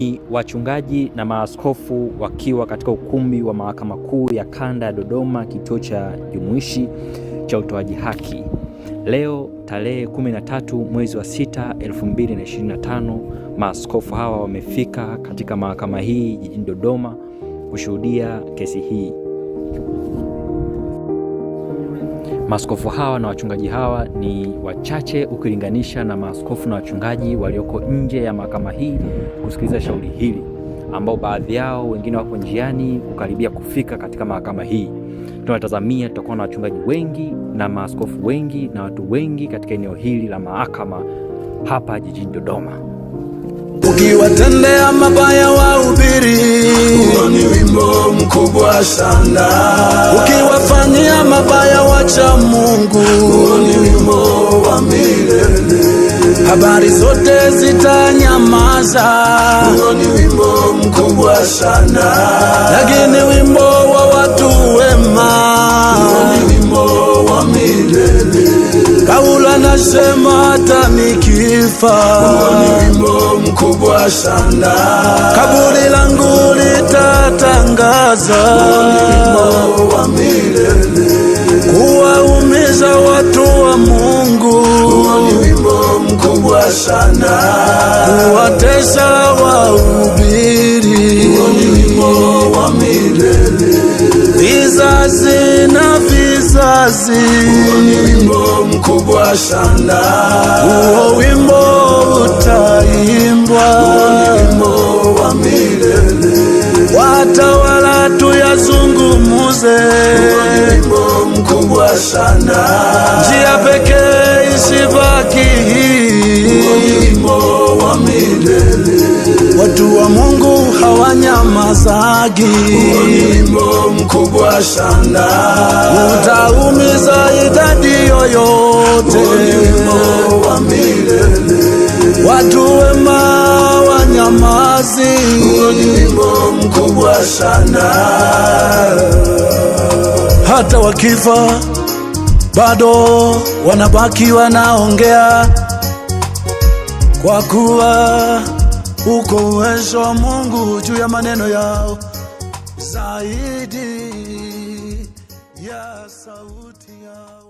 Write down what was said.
Ni wachungaji na maaskofu wakiwa katika ukumbi wa mahakama kuu ya kanda ya Dodoma, kituo cha jumuishi cha utoaji haki, leo tarehe 13 mwezi wa 6 2025. Maaskofu hawa wamefika katika mahakama hii jijini Dodoma kushuhudia kesi hii. Maaskofu hawa na wachungaji hawa ni wachache ukilinganisha na maaskofu na wachungaji walioko nje ya mahakama hii kusikiliza shauri hili, ambao baadhi yao wengine wako njiani kukaribia kufika katika mahakama hii. Tunatazamia tutakuwa na wachungaji wengi na maaskofu wengi na watu wengi katika eneo hili la mahakama hapa jijini Dodoma. Ukiwatendea mabaya wahubiri wimbo mkubwa sana. Ukiwafanyia mabaya wacha Mungu, ni wimbo wa milele. Habari zote zitanyamaza, ni wimbo mkubwa sana, lakini wimbo Nasema hata nikifa, huo wimbo mkubwa sana. Kaburi langu litatangaza, huo wimbo wa milele. Kuwaumiza watu wa Mungu, huo wimbo mkubwa sana. Kuwatesa wahubiri, huo ni wimbo wa milele. Vizazi na vizazi, huo wimbo mkubwa Bashanda. Uwo wimbo utaimbwa, wimbo wa milele. Watawala tuyazungumuze, wimbo mkubwa shanda, Njia pekee isibaki hii, wimbo wa milele. Watu wa Mungu hawanyamazagi. Huo ni wimbo mkubwa shanda, utaumiza idadi yoyote. Huo wimbo wa milele, watu wema wanyamazi. Huo ni wimbo mkubwa shanda, hata wakifa bado wanabaki wanaongea kwa kuwa uko uwezo wa Mungu juu ya maneno yao zaidi ya sauti yao.